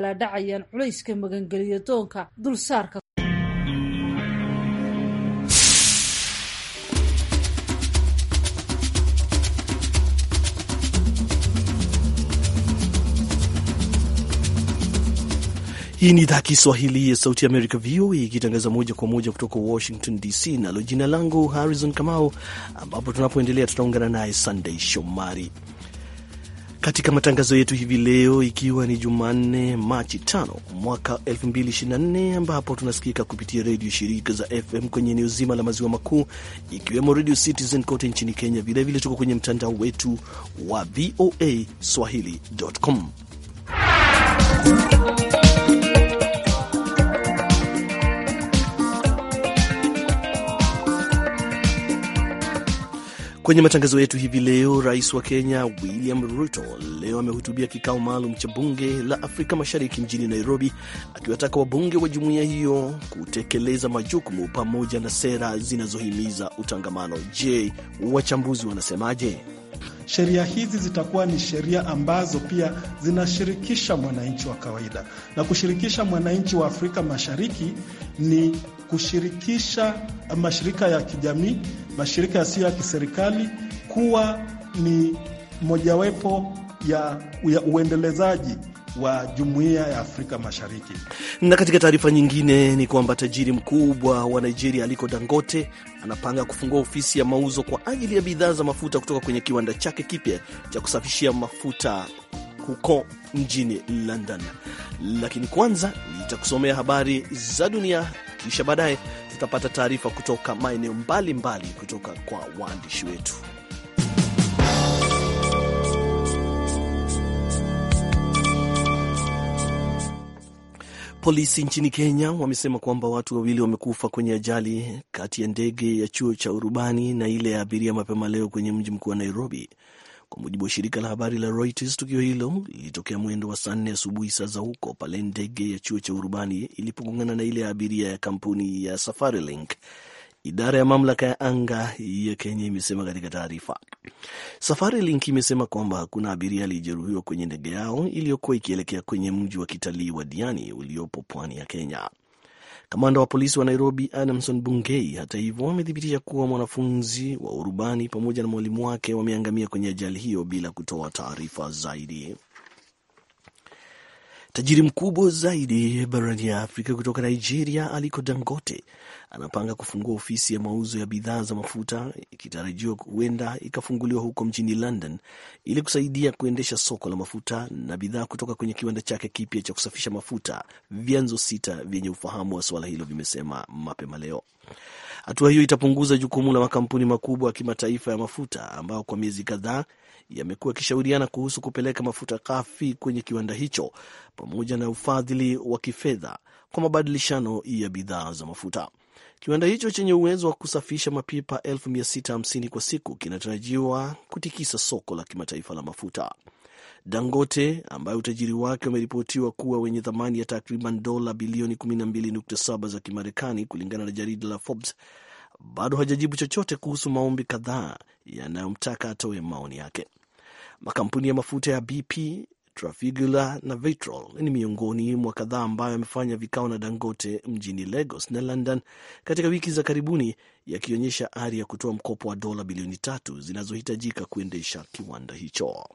la dhacayaan culayska magangeliya doonka dulsaarka Hii ni idhaa Kiswahili ya sauti Amerika, VOA, ikitangaza moja kwa moja kutoka Washington DC. Nalo jina langu Harrison Kamau, ambapo tunapoendelea tutaungana naye Sunday Shomari katika matangazo yetu hivi leo, ikiwa ni Jumanne Machi 5 mwaka 2024, ambapo tunasikika kupitia redio shirika za FM kwenye eneo zima la maziwa makuu ikiwemo Radio Citizen kote nchini Kenya. Vilevile tuko kwenye mtandao wetu wa VOA swahili.com Kwenye matangazo yetu hivi leo, rais wa Kenya William Ruto leo amehutubia kikao maalum cha bunge la Afrika Mashariki mjini Nairobi, akiwataka wabunge wa jumuiya hiyo kutekeleza majukumu pamoja na sera zinazohimiza utangamano. Je, wachambuzi wanasemaje? Sheria hizi zitakuwa ni sheria ambazo pia zinashirikisha mwananchi wa kawaida, na kushirikisha mwananchi wa Afrika Mashariki ni kushirikisha mashirika ya kijamii mashirika yasiyo ya kiserikali kuwa ni mojawapo ya, ya uendelezaji wa jumuiya ya Afrika Mashariki. Na katika taarifa nyingine ni kwamba tajiri mkubwa wa Nigeria Aliko Dangote anapanga kufungua ofisi ya mauzo kwa ajili ya bidhaa za mafuta kutoka kwenye kiwanda chake kipya cha kusafishia mafuta huko mjini London. Lakini kwanza nitakusomea habari za dunia, kisha baadaye tutapata taarifa kutoka maeneo mbalimbali kutoka kwa waandishi wetu. Polisi nchini Kenya wamesema kwamba watu wawili wamekufa kwenye ajali kati ya ndege ya chuo cha urubani na ile ya abiria mapema leo kwenye mji mkuu wa Nairobi, kwa mujibu wa shirika la habari la Reuters, tukio hilo lilitokea mwendo wa saa nne asubuhi saa za huko, pale ndege ya chuo cha urubani ilipogongana na ile ya abiria ya kampuni ya Safarilink. Idara ya mamlaka ya anga ya Kenya imesema katika taarifa. Link imesema kwamba hakuna abiria aliyejeruhiwa kwenye ndege yao iliyokuwa ikielekea kwenye mji wa kitalii wa Diani uliopo pwani ya Kenya. Kamanda wa polisi wa Nairobi Adamson Bungei, hata hivyo, amethibitisha kuwa mwanafunzi wa urubani pamoja na mwalimu wake wameangamia kwenye ajali hiyo bila kutoa taarifa zaidi. Tajiri mkubwa zaidi barani ya Afrika kutoka Nigeria, Aliko Dangote, anapanga kufungua ofisi ya mauzo ya bidhaa za mafuta ikitarajiwa huenda ikafunguliwa huko mjini London ili kusaidia kuendesha soko la mafuta na bidhaa kutoka kwenye kiwanda chake kipya cha kusafisha mafuta, vyanzo sita vyenye ufahamu wa suala hilo vimesema mapema leo. Hatua hiyo itapunguza jukumu la makampuni makubwa ya kimataifa ya mafuta ambao kwa miezi kadhaa yamekuwa yakishauriana kuhusu kupeleka mafuta ghafi kwenye kiwanda hicho pamoja na ufadhili wa kifedha kwa mabadilishano ya bidhaa za mafuta. Kiwanda hicho chenye uwezo wa kusafisha mapipa 650 kwa siku kinatarajiwa kutikisa soko la kimataifa la mafuta. Dangote ambaye utajiri wake umeripotiwa kuwa wenye thamani ya takriban dola bilioni 12.7 za Kimarekani kulingana na jarida la Forbes, bado hajajibu chochote kuhusu maombi kadhaa yanayomtaka atoe maoni yake. Makampuni ya mafuta ya BP, Trafigura na Vitrol ni miongoni mwa kadhaa ambayo yamefanya vikao na Dangote mjini Lagos na London katika wiki za karibuni, yakionyesha ari ya kutoa mkopo wa dola bilioni tatu zinazohitajika kuendesha kiwanda hicho.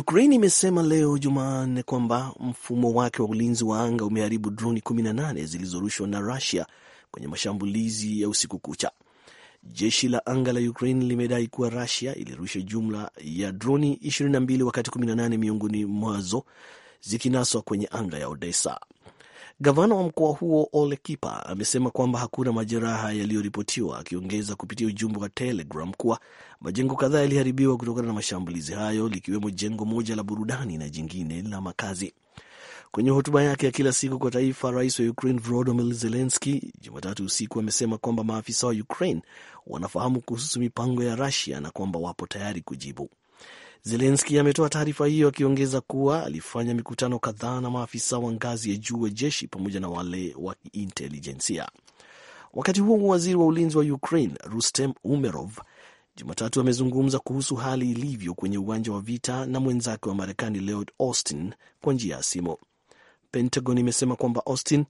Ukraine imesema leo Jumanne kwamba mfumo wake wa ulinzi wa anga umeharibu droni 18 zilizorushwa na Russia kwenye mashambulizi ya usiku kucha. Jeshi la anga la Ukraine limedai kuwa Russia ilirusha jumla ya droni 22 wakati 18 miongoni mwazo zikinaswa kwenye anga ya Odessa. Gavana wa mkoa huo Ole Kipa amesema kwamba hakuna majeraha yaliyoripotiwa, akiongeza kupitia ujumbe wa Telegram kuwa majengo kadhaa yaliharibiwa kutokana na mashambulizi hayo, likiwemo jengo moja la burudani na jingine la makazi. Kwenye hotuba yake ya kila siku kwa taifa, rais wa Ukraine Volodymyr Zelensky Jumatatu usiku amesema kwamba maafisa wa Ukraine wanafahamu kuhusu mipango ya rasia na kwamba wapo tayari kujibu. Zelenski ametoa taarifa hiyo akiongeza kuwa alifanya mikutano kadhaa na maafisa wa ngazi ya juu wa jeshi pamoja na wale wa kiintelijensia. Wakati huo waziri wa ulinzi wa Ukraine Rustem Umerov Jumatatu amezungumza kuhusu hali ilivyo kwenye uwanja wa vita na mwenzake wa Marekani Lloyd Austin kwa njia ya simu. Pentagon imesema kwamba Austin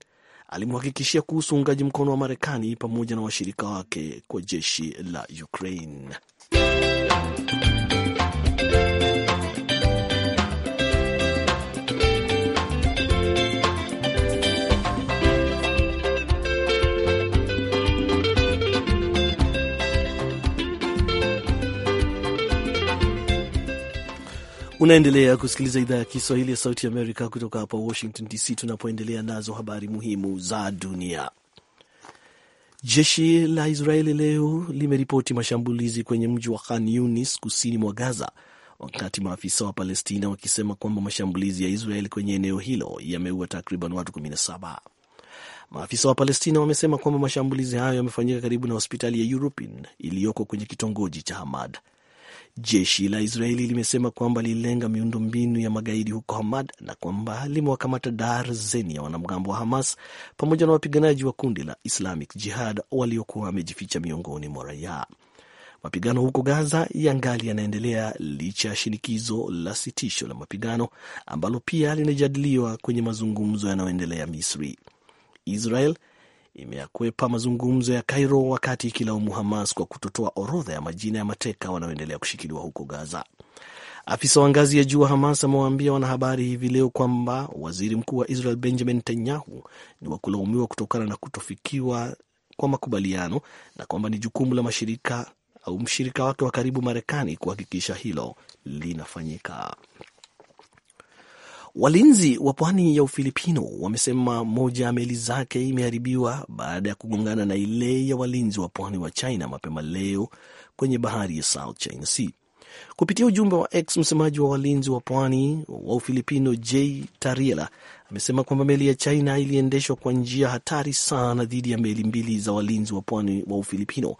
alimhakikishia kuhusu uungaji mkono wa Marekani pamoja na washirika wake kwa jeshi la Ukraine. Unaendelea kusikiliza idhaa ya Kiswahili ya Sauti Amerika kutoka hapa Washington DC, tunapoendelea nazo habari muhimu za dunia. Jeshi la Israeli leo limeripoti mashambulizi kwenye mji wa Khan Yunis kusini mwa Gaza, wakati maafisa wa Palestina wakisema kwamba mashambulizi ya Israeli kwenye eneo hilo yameua takriban watu 17. Maafisa wa Palestina wamesema kwamba mashambulizi hayo yamefanyika karibu na hospitali ya European iliyoko kwenye kitongoji cha Hamad. Jeshi la Israeli limesema kwamba lililenga miundo mbinu ya magaidi huko Hamad na kwamba limewakamata darzeni ya wanamgambo wa Hamas pamoja na wapiganaji wa kundi la Islamic Jihad waliokuwa wamejificha miongoni mwa raia. Mapigano huko Gaza yangali yanaendelea licha ya shinikizo la sitisho la mapigano ambalo pia linajadiliwa kwenye mazungumzo yanayoendelea Misri. Israel imeyakwepa mazungumzo ya Cairo wakati ikilaumu Hamas kwa kutotoa orodha ya majina ya mateka wanaoendelea kushikiliwa huko Gaza. Afisa wa ngazi ya juu wa Hamas amewaambia wanahabari hivi leo kwamba waziri mkuu wa Israel Benjamin Netanyahu ni wa kulaumiwa kutokana na kutofikiwa kwa makubaliano na kwamba ni jukumu la mashirika au mshirika wake wa karibu Marekani kuhakikisha hilo linafanyika. Walinzi wa pwani ya Ufilipino wamesema moja ya meli zake imeharibiwa baada ya kugongana na ile ya walinzi wa pwani wa China mapema leo kwenye bahari ya South China Sea. Kupitia ujumbe wa X, msemaji wa walinzi wa pwani wa Ufilipino J Tariela amesema kwamba meli ya China iliendeshwa kwa njia hatari sana dhidi ya meli mbili za walinzi wa pwani wa Ufilipino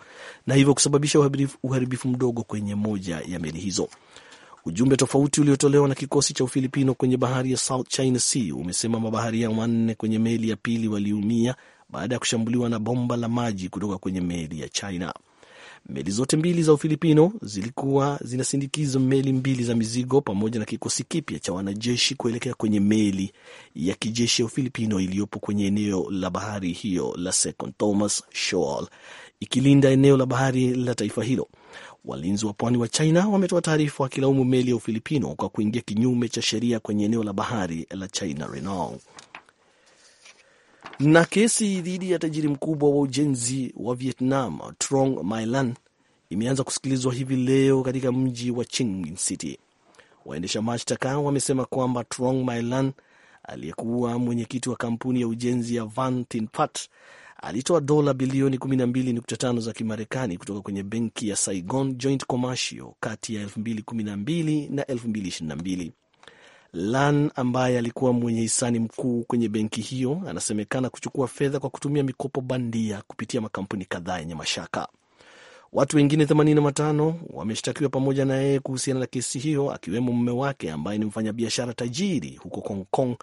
na hivyo kusababisha uharibifu mdogo kwenye moja ya meli hizo. Ujumbe tofauti uliotolewa na kikosi cha Ufilipino kwenye bahari ya South China Sea umesema mabaharia wanne kwenye meli ya pili waliumia baada ya kushambuliwa na bomba la maji kutoka kwenye meli ya China. Meli zote mbili za Ufilipino zilikuwa zinasindikiza meli mbili za mizigo pamoja na kikosi kipya cha wanajeshi kuelekea kwenye meli ya kijeshi ya Ufilipino iliyopo kwenye eneo la bahari hiyo la Second Thomas Shoal, ikilinda eneo la bahari la taifa hilo. Walinzi wa pwani wa China wametoa taarifa wakilaumu meli ya Ufilipino kwa kuingia kinyume cha sheria kwenye eneo la bahari la China Renault. Na kesi dhidi ya tajiri mkubwa wa ujenzi wa Vietnam Trong My imeanza kusikilizwa hivi leo katika mji wa Chingin City. Waendesha mashtaka wamesema kwamba Trong My aliyekuwa mwenyekiti wa kampuni ya ujenzi ya Van Tin Pat alitoa dola bilioni 12.5 za Kimarekani kutoka kwenye benki ya Saigon Joint Commercial kati ya 2012 na 2022. Lan ambaye alikuwa mwenye hisani mkuu kwenye benki hiyo anasemekana kuchukua fedha kwa kutumia mikopo bandia kupitia makampuni kadhaa yenye mashaka. Watu wengine 85 wameshtakiwa pamoja na yeye kuhusiana na kesi hiyo, akiwemo mume wake ambaye ni mfanyabiashara tajiri huko Hong Kong,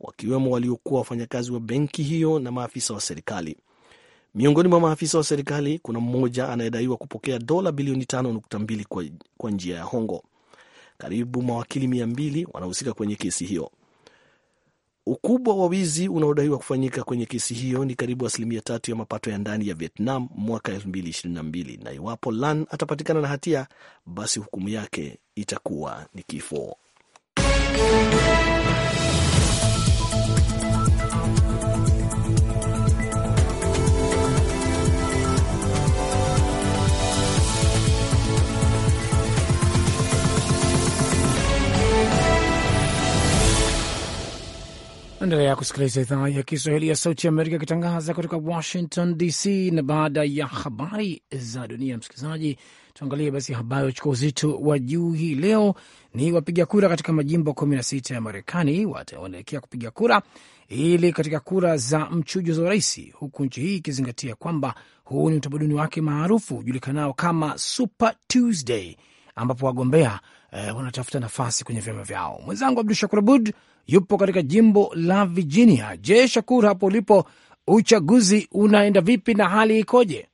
wakiwemo waliokuwa wafanyakazi wa benki hiyo na maafisa wa serikali. Miongoni mwa maafisa wa serikali kuna mmoja anayedaiwa kupokea dola bilioni 5.2 kwa, kwa njia ya hongo. Karibu mawakili 200 wanahusika kwenye kesi hiyo. Ukubwa wa wizi unaodaiwa kufanyika kwenye kesi hiyo ni karibu asilimia tatu ya mapato ya ndani ya Vietnam mwaka 2022 na iwapo Lan atapatikana na hatia, basi hukumu yake itakuwa ni kifo. Endelea kusikiliza idhaa ya Kiswahili ya Sauti ya Amerika ikitangaza kutoka Washington DC. Na baada ya habari za dunia, msikilizaji, tuangalie basi habari wachukua uzito wa juu hii leo. Ni wapiga kura katika majimbo 16 ya Marekani wataelekea kupiga kura ili katika kura za mchujo za urais, huku nchi hii ikizingatia kwamba huu ni utamaduni wake maarufu ujulikanao kama Super Tuesday, ambapo wagombea Eh, wanatafuta nafasi kwenye vyama vyao. Mwenzangu Abdu Shakur Abud yupo katika jimbo la Virginia. Je, Shakur, hapo ulipo uchaguzi unaenda vipi na hali ikoje?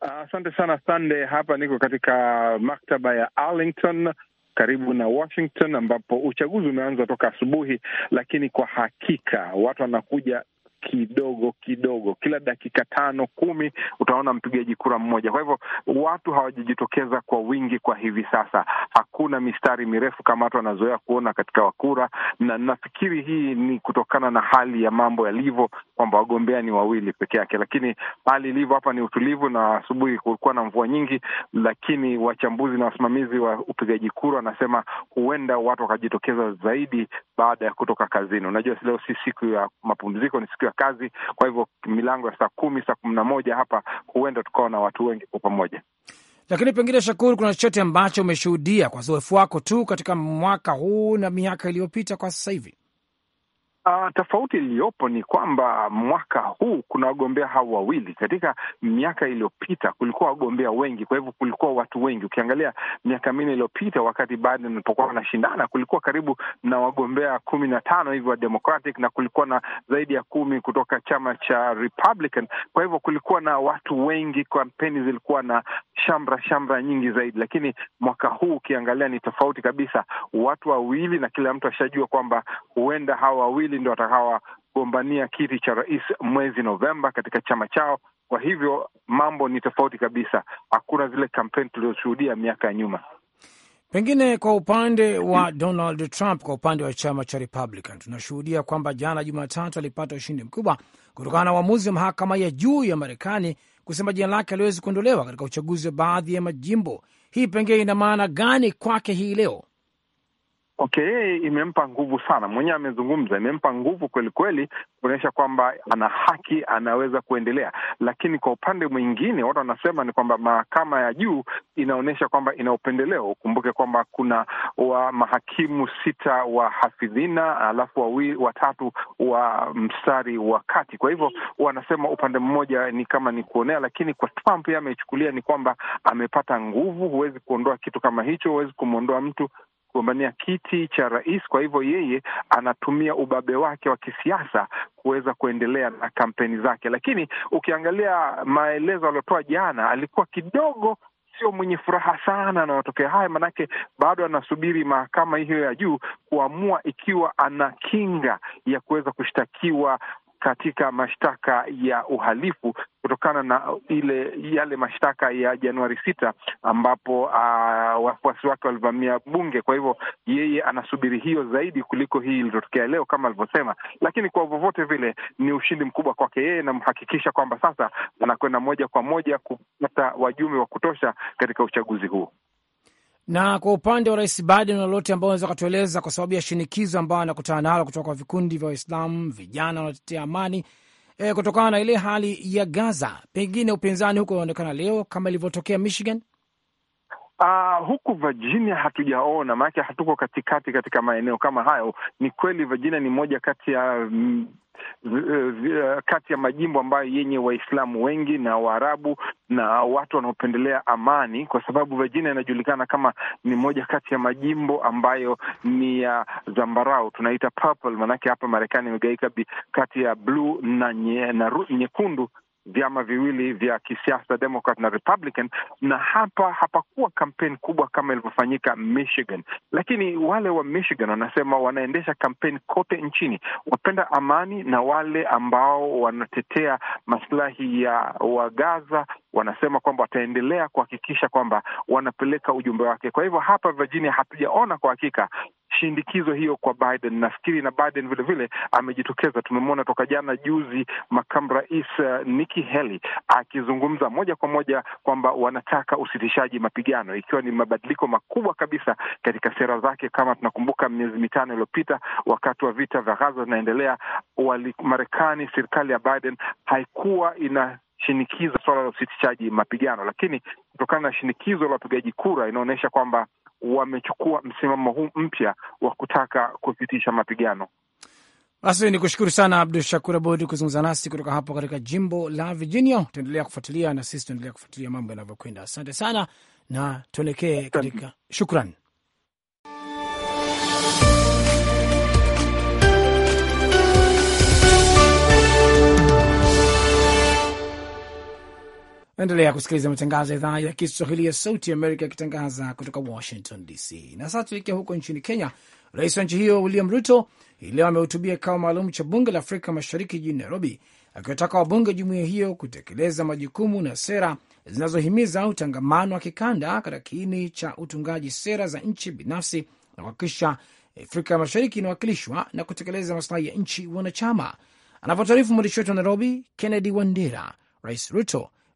Asante uh, sana Sande. Hapa niko katika maktaba ya Arlington karibu na Washington ambapo uchaguzi umeanza toka asubuhi, lakini kwa hakika watu wanakuja kidogo kidogo, kila dakika tano kumi utaona mpigaji kura mmoja. Kwa hivyo watu hawajajitokeza kwa wingi kwa hivi sasa, hakuna mistari mirefu kama watu wanazoea kuona katika wakura, na nafikiri hii ni kutokana na hali ya mambo yalivyo kwamba wagombea ni wawili peke yake, lakini hali ilivyo hapa ni utulivu, na asubuhi kulikuwa na mvua nyingi, lakini wachambuzi na wasimamizi wa upigaji kura wanasema huenda watu wakajitokeza zaidi baada ya kutoka kazini. Unajua leo si siku ya mapumziko, ni siku ya kazi. Kwa hivyo milango ya saa kumi, saa kumi na moja hapa huenda tukawa na watu wengi kwa pamoja. Lakini pengine, Shakuru, kuna chochote ambacho umeshuhudia kwa uzoefu wako tu katika mwaka huu na miaka iliyopita kwa sasa hivi? Uh, tofauti iliyopo ni kwamba mwaka huu kuna wagombea hao wawili. Katika miaka iliyopita kulikuwa wagombea wengi, kwa hivyo kulikuwa watu wengi. Ukiangalia miaka minne iliyopita, wakati Biden alipokuwa wanashindana, kulikuwa karibu na wagombea kumi na tano hivi wa Democratic na kulikuwa na zaidi ya kumi kutoka chama cha Republican. Kwa hivyo kulikuwa na watu wengi, kampeni zilikuwa na shamra shamra nyingi zaidi, lakini mwaka huu ukiangalia ni tofauti kabisa, watu wawili na kila mtu ashajua kwamba huenda hawa wawili wawili ndio watakawagombania kiti cha rais mwezi Novemba katika chama chao. Kwa hivyo mambo ni tofauti kabisa, hakuna zile kampeni tulizoshuhudia miaka ya nyuma. Pengine kwa upande wa mm. Donald Trump, kwa upande wa chama cha Republican, tunashuhudia kwamba jana Jumatatu alipata ushindi mkubwa kutokana na uamuzi wa mahakama ya juu ya Marekani kusema jina lake aliwezi kuondolewa katika uchaguzi wa baadhi ya majimbo. Hii pengine ina maana gani kwake hii leo? Okay, imempa nguvu sana, mwenyewe amezungumza, imempa nguvu kweli kweli, kuonyesha kwamba ana haki, anaweza kuendelea. Lakini kwa upande mwingine, watu wanasema ni kwamba mahakama ya juu inaonyesha kwamba ina upendeleo. Ukumbuke kwamba kuna wa mahakimu sita wa hafidhina, alafu watatu wa mstari wa kati. Kwa hivyo wanasema upande mmoja ni kama ni kuonea, lakini kwa Trump yeye ameichukulia ni kwamba amepata nguvu. Huwezi kuondoa kitu kama hicho, huwezi kumwondoa mtu kugombania kiti cha rais. Kwa hivyo yeye anatumia ubabe wake wa kisiasa kuweza kuendelea na kampeni zake, lakini ukiangalia maelezo aliyotoa jana, alikuwa kidogo sio mwenye furaha sana na matokeo haya, manake bado anasubiri mahakama hiyo ya juu kuamua ikiwa ana kinga ya kuweza kushtakiwa katika mashtaka ya uhalifu kutokana na ile yale mashtaka ya Januari sita ambapo uh, wafuasi wake walivamia bunge. Kwa hivyo yeye anasubiri hiyo zaidi kuliko hii iliyotokea leo kama alivyosema, lakini kwa vyovyote vile ni ushindi mkubwa kwake yeye, namhakikisha kwamba sasa anakwenda moja kwa moja kupata wajumbe wa kutosha katika uchaguzi huo. Na kwa upande wa rais Biden, lolote ambao anaweza akatueleza kwa sababu ya shinikizo ambayo anakutana nalo kutoka kwa vikundi vya Waislamu, vijana wanatetea amani e, kutokana na ile hali ya Gaza, pengine upinzani huko unaonekana leo kama ilivyotokea Michigan? Uh, huku Virginia hatujaona, maanake hatuko katikati katika maeneo kama hayo. Ni kweli Virginia ni moja kati ya mm, eh, kati ya majimbo ambayo yenye Waislamu wengi na Waarabu na watu wanaopendelea amani, kwa sababu Virginia inajulikana kama ni moja kati ya majimbo ambayo ni ya uh, zambarau, tunaita purple, manake hapa Marekani imegaika kati ya bluu na nyekundu vyama viwili vya kisiasa Democrat na Republican, na hapa hapakuwa kampeni kubwa kama ilivyofanyika Michigan, lakini wale wa Michigan wanasema wanaendesha kampeni kote nchini, wapenda amani na wale ambao wanatetea maslahi ya Wagaza wanasema kwamba wataendelea kuhakikisha kwamba wanapeleka ujumbe wake. Kwa hivyo hapa Virginia hatujaona kwa hakika shindikizo hiyo kwa Biden. Nafikiri na Biden vilevile amejitokeza, tumemwona toka jana juzi, makamu rais uh, Nikki Haley akizungumza moja kwa moja kwamba wanataka usitishaji mapigano, ikiwa ni mabadiliko makubwa kabisa katika sera zake. Kama tunakumbuka miezi mitano iliyopita, wakati wa vita vya Gaza vinaendelea, Marekani, serikali ya Biden haikuwa ina shinikizo swala la usitishaji mapigano, lakini kutokana na shinikizo la wapigaji kura inaonyesha kwamba wamechukua msimamo huu mpya wa kutaka kusitisha mapigano. Basi ni kushukuru sana Abdu Shakur Abud kuzungumza nasi kutoka hapo katika jimbo la Virginia. utaendelea kufuatilia na sisi tunaendelea kufuatilia mambo yanavyokwenda. Asante sana na tuelekee katika shukran. Naendelea kusikiliza matangazo ya idhaa ya Kiswahili ya Sauti Amerika yakitangaza kutoka Washington DC. Na sasa tuelekea huko nchini Kenya. Rais wa nchi hiyo William Ruto hii leo amehutubia kikao maalum cha bunge la Afrika Mashariki jijini Nairobi, akiwataka wabunge wa jumuiya hiyo kutekeleza majukumu na sera zinazohimiza utangamano wa kikanda katika kiini cha utungaji sera za nchi binafsi na kuhakikisha Afrika Mashariki inawakilishwa na kutekeleza masilahi ya nchi wanachama. Anavyotaarifu mwandishi wetu wa Nairobi, Kennedy Wandera. Rais Ruto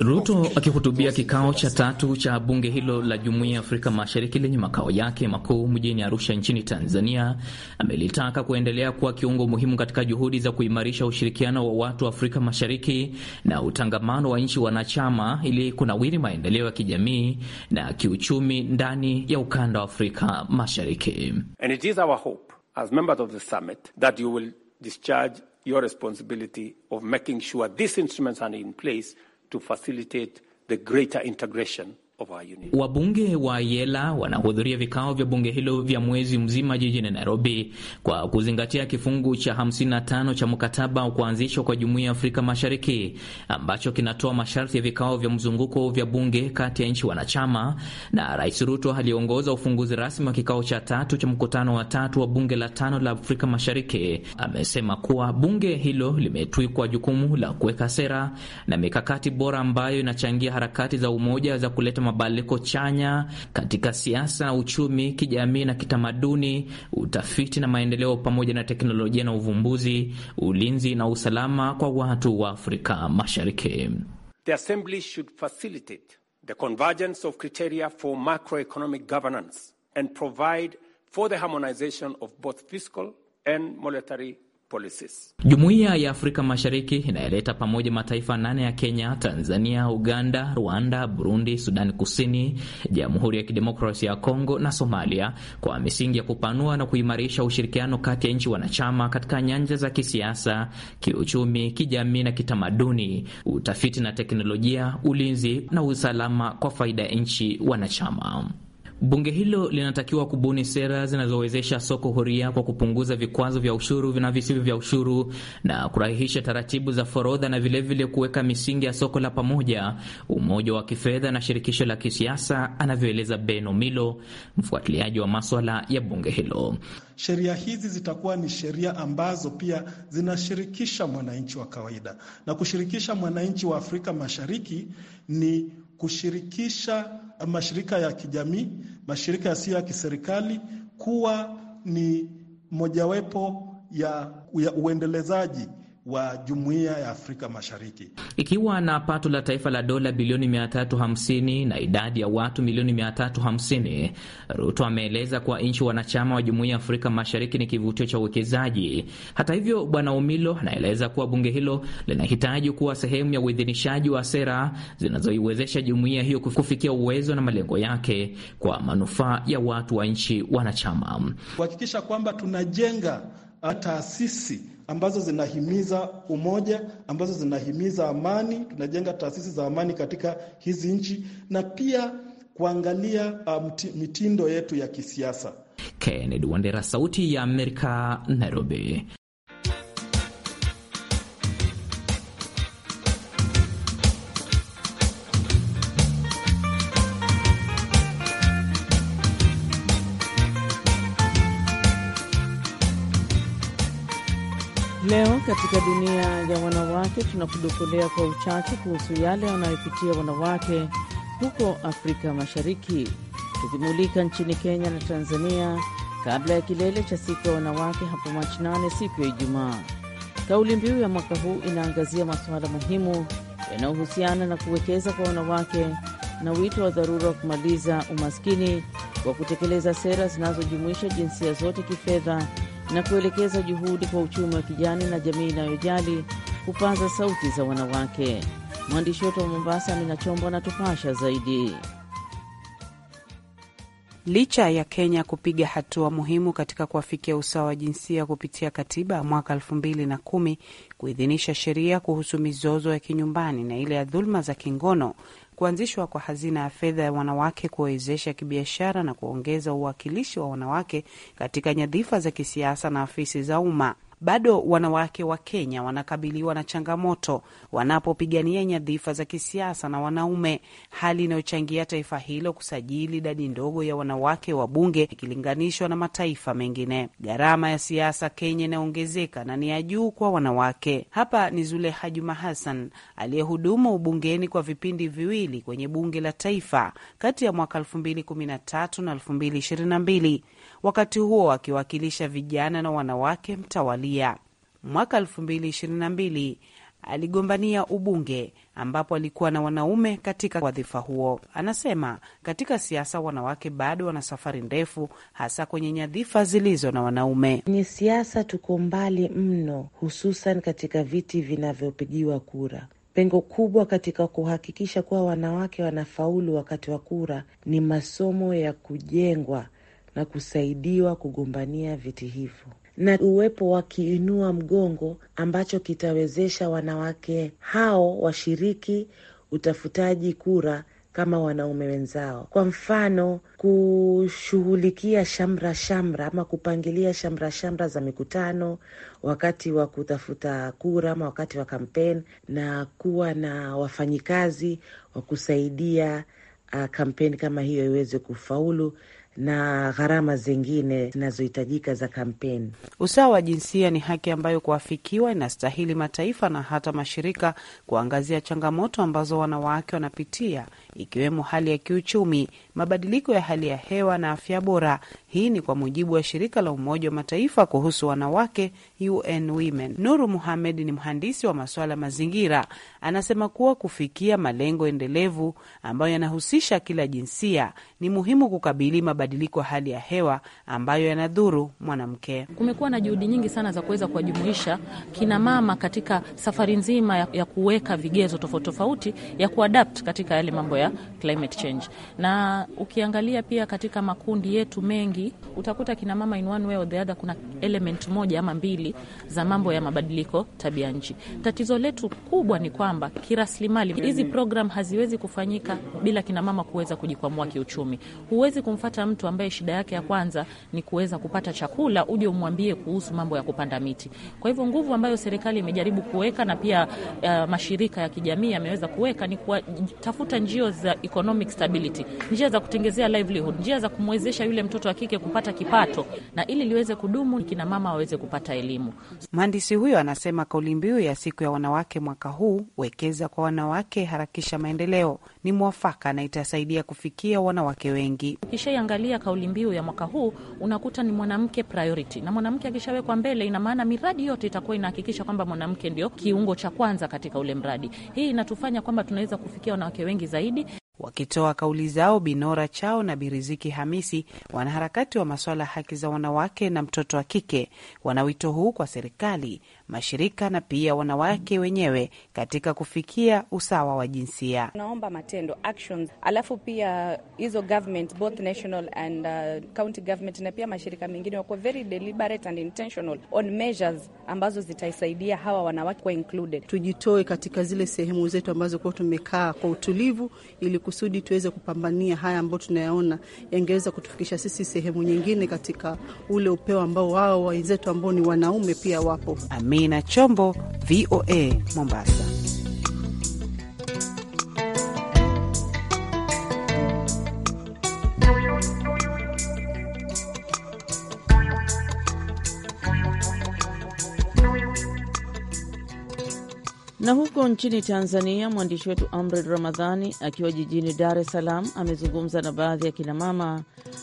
Ruto akihutubia kikao cha tatu cha bunge hilo la Jumuiya ya Afrika Mashariki lenye makao yake makuu mjini Arusha nchini Tanzania, amelitaka kuendelea kuwa kiungo muhimu katika juhudi za kuimarisha ushirikiano wa watu wa Afrika Mashariki na utangamano wa nchi wanachama ili kunawiri maendeleo ya kijamii na kiuchumi ndani ya ukanda wa Afrika Mashariki. And it is our hope as members of the summit that you will discharge your responsibility of making sure these instruments are in place to facilitate the greater integration Wabunge wa Yela wanahudhuria vikao vya bunge hilo vya mwezi mzima jijini Nairobi kwa kuzingatia kifungu cha 55 cha mkataba wa kuanzishwa kwa Jumuiya ya Afrika Mashariki ambacho kinatoa masharti ya vikao vya mzunguko vya bunge kati ya nchi wanachama. Na Rais Ruto aliongoza ufunguzi rasmi wa kikao cha tatu cha mkutano wa tatu wa bunge la tano la Afrika Mashariki. Amesema kuwa bunge hilo limetwikwa jukumu la kuweka sera na mikakati bora ambayo inachangia harakati za umoja za kuleta mabadiliko chanya katika siasa, uchumi, kijamii na kitamaduni, utafiti na maendeleo, pamoja na teknolojia na uvumbuzi, ulinzi na usalama kwa watu wa Afrika Mashariki. The assembly should facilitate the convergence of criteria for macroeconomic governance and provide for the harmonization of both fiscal and monetary Jumuiya ya Afrika Mashariki inayoleta pamoja mataifa nane ya Kenya, Tanzania, Uganda, Rwanda, Burundi, Sudani Kusini, Jamhuri ya Kidemokrasia ya Kongo na Somalia kwa misingi ya kupanua na kuimarisha ushirikiano kati ya nchi wanachama katika nyanja za kisiasa, kiuchumi, kijamii na kitamaduni, utafiti na teknolojia, ulinzi na usalama kwa faida ya nchi wanachama. Bunge hilo linatakiwa kubuni sera zinazowezesha soko huria kwa kupunguza vikwazo vya ushuru na visivyo vya ushuru na kurahisisha taratibu za forodha na vilevile kuweka misingi ya soko la pamoja, umoja wa kifedha na shirikisho la kisiasa, anavyoeleza Beno Milo, mfuatiliaji wa maswala ya bunge hilo. Sheria hizi zitakuwa ni sheria ambazo pia zinashirikisha mwananchi wa kawaida, na kushirikisha mwananchi wa Afrika Mashariki ni kushirikisha mashirika ya kijamii, mashirika yasiyo ya kiserikali kuwa ni mojawapo ya, ya uendelezaji wa jumuiya ya Afrika Mashariki. Ikiwa na pato la taifa la dola bilioni 350 na idadi ya watu milioni 350, Ruto ameeleza kuwa nchi wanachama wa jumuiya ya Afrika Mashariki ni kivutio cha uwekezaji. Hata hivyo, Bwana Umilo anaeleza kuwa bunge hilo linahitaji kuwa sehemu ya uidhinishaji wa sera zinazoiwezesha jumuiya hiyo kufikia uwezo na malengo yake kwa manufaa ya watu wa nchi wanachama, kuhakikisha kwamba tunajenga uh, taasisi ambazo zinahimiza umoja, ambazo zinahimiza amani. Tunajenga taasisi za amani katika hizi nchi na pia kuangalia um, mitindo yetu ya kisiasa. Kennedy Wandera, Sauti ya Amerika, Nairobi. Katika dunia ya wanawake, tunakudokolea kwa uchache kuhusu yale wanayopitia wanawake huko Afrika Mashariki, tukimulika nchini Kenya na Tanzania kabla ya kilele cha siku ya wanawake hapo Machi 8 siku ya Ijumaa. Kauli mbiu ya mwaka huu inaangazia masuala muhimu yanayohusiana na kuwekeza kwa wanawake na wito wa dharura wa kumaliza umaskini kwa kutekeleza sera zinazojumuisha jinsia zote kifedha na kuelekeza juhudi kwa uchumi wa kijani na jamii inayojali kupaza sauti za wanawake. Mwandishi wetu wa Mombasa, Amina Chombo, anatupasha zaidi. Licha ya Kenya kupiga hatua muhimu katika kuwafikia usawa wa jinsia kupitia katiba ya mwaka elfu mbili na kumi, kuidhinisha sheria kuhusu mizozo ya kinyumbani na ile ya dhuluma za kingono, kuanzishwa kwa hazina ya fedha ya wanawake kuwawezesha kibiashara na kuongeza uwakilishi wa wanawake katika nyadhifa za kisiasa na afisi za umma bado wanawake wa Kenya wanakabiliwa na changamoto wanapopigania nyadhifa za kisiasa na wanaume, hali inayochangia taifa hilo kusajili idadi ndogo ya wanawake wa bunge ikilinganishwa na mataifa mengine. Gharama ya siasa Kenya inaongezeka na ni ya juu kwa wanawake. Hapa ni Zuleha Juma Hassan aliyehudumu ubungeni kwa vipindi viwili kwenye bunge la taifa kati ya mwaka 2013 na 2022 wakati huo wakiwakilisha vijana na wanawake mtawalia. Mwaka 2022 aligombania ubunge ambapo alikuwa na wanaume katika wadhifa huo. Anasema katika siasa wanawake bado wana safari ndefu, hasa kwenye nyadhifa zilizo na wanaume. Kwenye siasa tuko mbali mno, hususan katika viti vinavyopigiwa kura. Pengo kubwa katika kuhakikisha kuwa wanawake wanafaulu wakati wa kura ni masomo ya kujengwa na kusaidiwa kugombania viti hivyo na uwepo wa kiinua mgongo ambacho kitawezesha wanawake hao washiriki utafutaji kura kama wanaume wenzao. Kwa mfano, kushughulikia shamra shamra ama kupangilia shamra shamra za mikutano wakati wa kutafuta kura ama wakati wa kampeni, na kuwa na wafanyikazi wa kusaidia kampeni ah, kama hiyo iweze kufaulu na gharama zingine zinazohitajika za kampeni. Usawa wa jinsia ni haki ambayo kuafikiwa inastahili mataifa na hata mashirika kuangazia changamoto ambazo wanawake wanapitia, ikiwemo hali ya kiuchumi, mabadiliko ya hali ya hewa na afya bora hii ni kwa mujibu wa shirika la Umoja wa Mataifa kuhusu wanawake, UN Women. Nuru Muhamed ni mhandisi wa masuala ya mazingira, anasema kuwa kufikia malengo endelevu ambayo yanahusisha kila jinsia ni muhimu kukabili mabadiliko ya hali ya hewa ambayo yanadhuru mwanamke. Kumekuwa na juhudi nyingi sana za kuweza kuwajumuisha kinamama katika safari nzima ya, ya kuweka vigezo tofauti tofauti ya kuadapt katika yale mambo ya climate change, na ukiangalia pia katika makundi yetu mengi mingi utakuta kina mama in one way or the other, kuna element moja ama mbili za mambo ya mabadiliko tabia nchi. Tatizo letu kubwa ni kwamba kirasilimali, hizi program haziwezi kufanyika bila kina mama kuweza kujikwamua kiuchumi. Huwezi kumfata mtu ambaye shida yake ya kwanza ni kuweza kupata chakula uje umwambie kuhusu mambo ya kupanda miti. Kwa hivyo nguvu ambayo serikali imejaribu kuweka na pia uh, mashirika ya kijamii yameweza kuweka ni kutafuta njia za economic stability, njia za kutengezea livelihood, njia za kumwezesha yule mtoto wa kike kike kupata kipato, na ili liweze kudumu kina mama waweze kupata elimu. Mhandisi huyo anasema kauli mbiu ya siku ya wanawake mwaka huu, wekeza kwa wanawake, harakisha maendeleo, ni mwafaka na itasaidia kufikia wanawake wengi. Ukishaiangalia kauli mbiu ya mwaka huu unakuta ni mwanamke priority, na mwanamke akishawekwa mbele, ina maana miradi yote itakuwa inahakikisha kwamba mwanamke ndio kiungo cha kwanza katika ule mradi. Hii inatufanya kwamba tunaweza kufikia wanawake wengi zaidi. Wakitoa kauli zao Binora Chao na Biriziki Hamisi, wanaharakati wa masuala ya haki za wanawake na mtoto wa kike, wana wito huu kwa serikali mashirika na pia wanawake wenyewe katika kufikia usawa wa jinsia. Naomba matendo actions, alafu pia hizo government both national and uh, county government na pia mashirika mengine wakuwa very deliberate and intentional on measures ambazo zitaisaidia hawa wanawake kuwa included. Tujitoe katika zile sehemu zetu ambazo kuwa tumekaa kwa utulivu, ili kusudi tuweze kupambania haya ambayo tunayaona yangeweza kutufikisha sisi sehemu nyingine katika ule upeo ambao wao wenzetu ambao ni wanaume pia wapo Amin. Amina Chombo, VOA Mombasa. Na huko nchini Tanzania, mwandishi wetu Amri Ramadhani akiwa jijini Dar es Salaam amezungumza na baadhi ya kinamama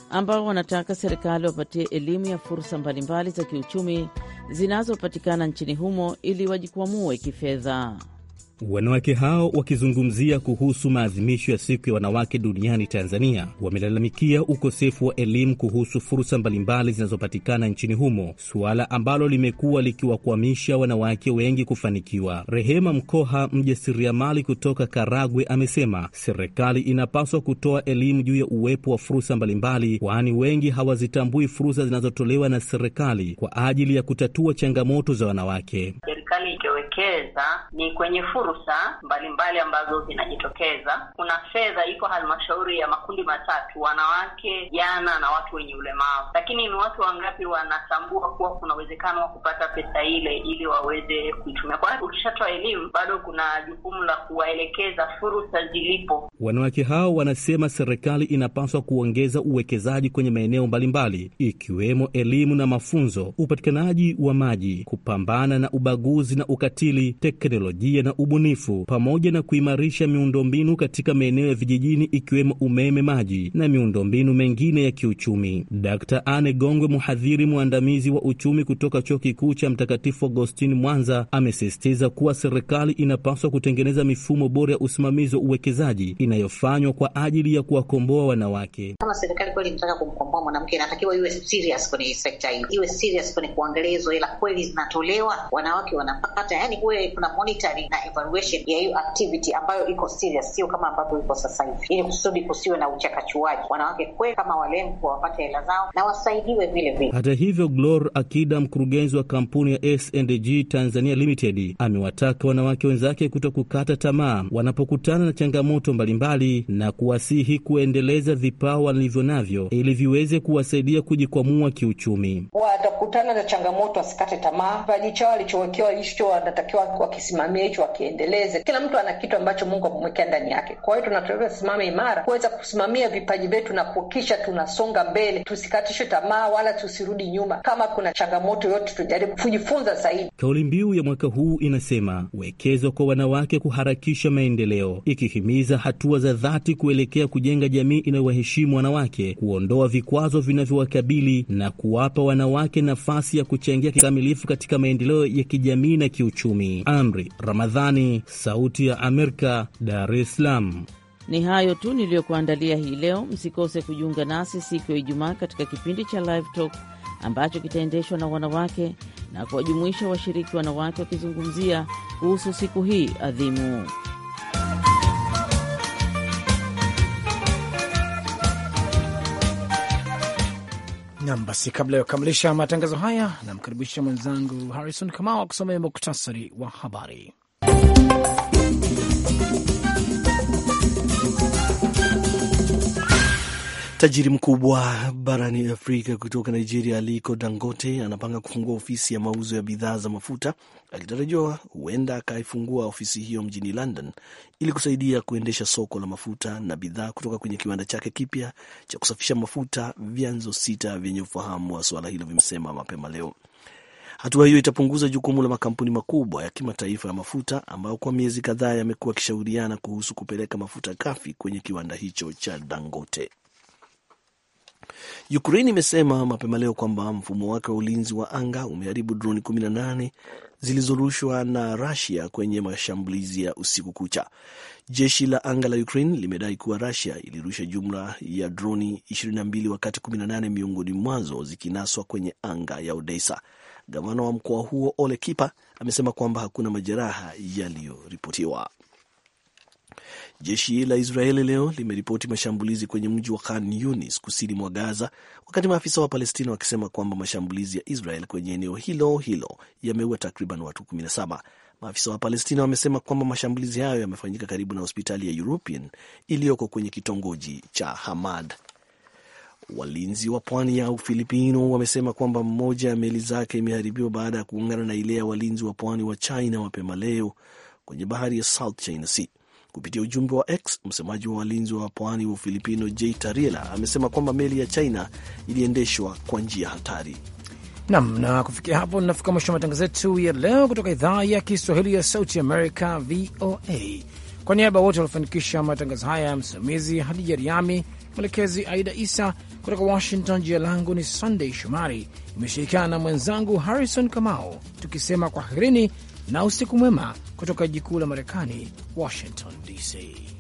ambao wanataka serikali wapatie elimu ya fursa mbalimbali za kiuchumi zinazopatikana nchini humo ili wajikwamue kifedha. Wanawake hao wakizungumzia kuhusu maadhimisho ya siku ya wanawake duniani Tanzania, wamelalamikia ukosefu wa elimu kuhusu fursa mbalimbali zinazopatikana nchini humo, suala ambalo limekuwa likiwakwamisha wanawake wengi kufanikiwa. Rehema Mkoha, mjasiriamali kutoka Karagwe, amesema serikali inapaswa kutoa elimu juu ya uwepo wa fursa mbalimbali, kwani wengi hawazitambui fursa zinazotolewa na serikali kwa ajili ya kutatua changamoto za wanawake serikali ikiwekeza ni kwenye fursa mbalimbali ambazo zinajitokeza. Kuna fedha iko halmashauri ya makundi matatu, wanawake, jana na watu wenye ulemavu, lakini ni watu wangapi wanatambua kuwa kuna uwezekano wa kupata pesa ile ili waweze kuitumia? Kwa hiyo ukishatoa elimu, bado kuna jukumu la kuwaelekeza fursa zilipo. Wanawake hao wanasema serikali inapaswa kuongeza uwekezaji kwenye maeneo mbalimbali, ikiwemo elimu na mafunzo, upatikanaji wa maji, kupambana na ubaguzi ubaguzi na ukatili, teknolojia na ubunifu, pamoja na kuimarisha miundombinu katika maeneo ya vijijini ikiwemo umeme, maji na miundombinu mengine ya kiuchumi. d Anne Gongwe, mhadhiri mwandamizi wa uchumi kutoka Chuo Kikuu cha Mtakatifu Agostini Mwanza, amesisitiza kuwa serikali inapaswa kutengeneza mifumo bora ya usimamizi wa uwekezaji inayofanywa kwa ajili ya kuwakomboa wanawake. Kama serikali kweli inataka kumkomboa mwanamke, inatakiwa iwe serious kwenye sekta hiyo, iwe serious kwenye kuangalia hizo hela kweli zinatolewa wanawake wanapata, yani kuwe kuna monitoring na evaluation ya hiyo activity ambayo iko serious, sio kama ambavyo iko sasa hivi, ili kusudi kusiwe na uchakachuaji. Wanawake kwe kama walengwa wapate hela zao na wasaidiwe vile vile. Hata hivyo, Glor Akida, mkurugenzi wa kampuni ya S&G Tanzania Limited, amewataka wanawake wenzake kuto kukata tamaa wanapokutana na changamoto mbalimbali na kuwasihi kuendeleza vipawa walivyo navyo ili viweze kuwasaidia kujikwamua kiuchumi. Watakutana na changamoto, wasikate tamaa, vipaji chao alichowekewa hicho wanatakiwa wakisimamia hicho wakiendeleze. Kila mtu ana kitu ambacho Mungu amemwekea ndani yake. Kwa hiyo tunatakiwa tusimame imara kuweza kusimamia vipaji vyetu na kuhakikisha tunasonga mbele, tusikatishwe tamaa wala tusirudi nyuma. Kama kuna changamoto yote, tujaribu kujifunza zaidi. Kauli mbiu ya mwaka huu inasema wekezwa kwa wanawake kuharakisha maendeleo, ikihimiza hatua za dhati kuelekea kujenga jamii inayowaheshimu wanawake, kuondoa vikwazo vinavyowakabili na kuwapa wanawake nafasi ya kuchangia kikamilifu katika maendeleo ya kijamii kijamii na kiuchumi. Amri Ramadhani, Sauti ya Amerika, Dar es Salaam. Ni hayo tu niliyokuandalia hii leo. Msikose kujiunga nasi siku ya Ijumaa katika kipindi cha Live Talk ambacho kitaendeshwa na wanawake na kuwajumuisha washiriki wanawake wakizungumzia kuhusu siku hii adhimu. Nam, basi kabla ya kukamilisha matangazo haya, namkaribisha mwenzangu Harrison Kamau akusomea muktasari wa habari. tajiri mkubwa barani Afrika kutoka Nigeria, Aliko Dangote anapanga kufungua ofisi ya mauzo ya bidhaa za mafuta, akitarajiwa huenda akaifungua ofisi hiyo mjini London ili kusaidia kuendesha soko la mafuta na bidhaa kutoka kwenye kiwanda chake kipya cha kusafisha mafuta, vyanzo sita vyenye ufahamu wa suala hilo vimesema mapema leo. Hatua hiyo itapunguza jukumu la makampuni makubwa ya kimataifa ya mafuta ambayo kwa miezi kadhaa yamekuwa yakishauriana kuhusu kupeleka mafuta ghafi kwenye kiwanda hicho cha Dangote. Ukraine imesema mapema leo kwamba mfumo wake wa ulinzi wa anga umeharibu droni 18 zilizorushwa na Russia kwenye mashambulizi ya usiku kucha. Jeshi la anga la Ukraine limedai kuwa Russia ilirusha jumla ya droni 22 wakati 18 miongoni mwazo zikinaswa kwenye anga ya Odessa. Gavana wa mkoa huo Ole Kipa amesema kwamba hakuna majeraha yaliyoripotiwa. Jeshi la Israeli leo limeripoti mashambulizi kwenye mji wa Khan Yunis kusini mwa Gaza, wakati maafisa wa Palestina wakisema kwamba mashambulizi ya Israel kwenye eneo hilo hilo yameua takriban watu 17. Maafisa wa Palestina wamesema kwamba mashambulizi hayo yamefanyika karibu na hospitali ya European iliyoko kwenye kitongoji cha Hamad. Walinzi wa pwani ya Ufilipino wamesema kwamba mmoja ya meli zake imeharibiwa baada ya kuungana na ile ya walinzi wa pwani wa China mapema leo kwenye bahari ya South China Sea. Kupitia ujumbe wa X, msemaji wa walinzi wa pwani wa Ufilipino J Tariela amesema kwamba meli ya China iliendeshwa kwa njia hatari. Nam na kufikia hapo, tunafika mwisho wa matangazo yetu ya leo kutoka idhaa ya Kiswahili ya Sauti Amerika, VOA. Kwa niaba wote waliofanikisha matangazo haya, msimamizi Hadija Riami, mwelekezi Aida Isa kutoka Washington. Jina langu ni Sunday Shomari, imeshirikiana na mwenzangu Harrison Kamau, tukisema kwaherini na usiku mwema kutoka jikuu la Marekani, Washington DC.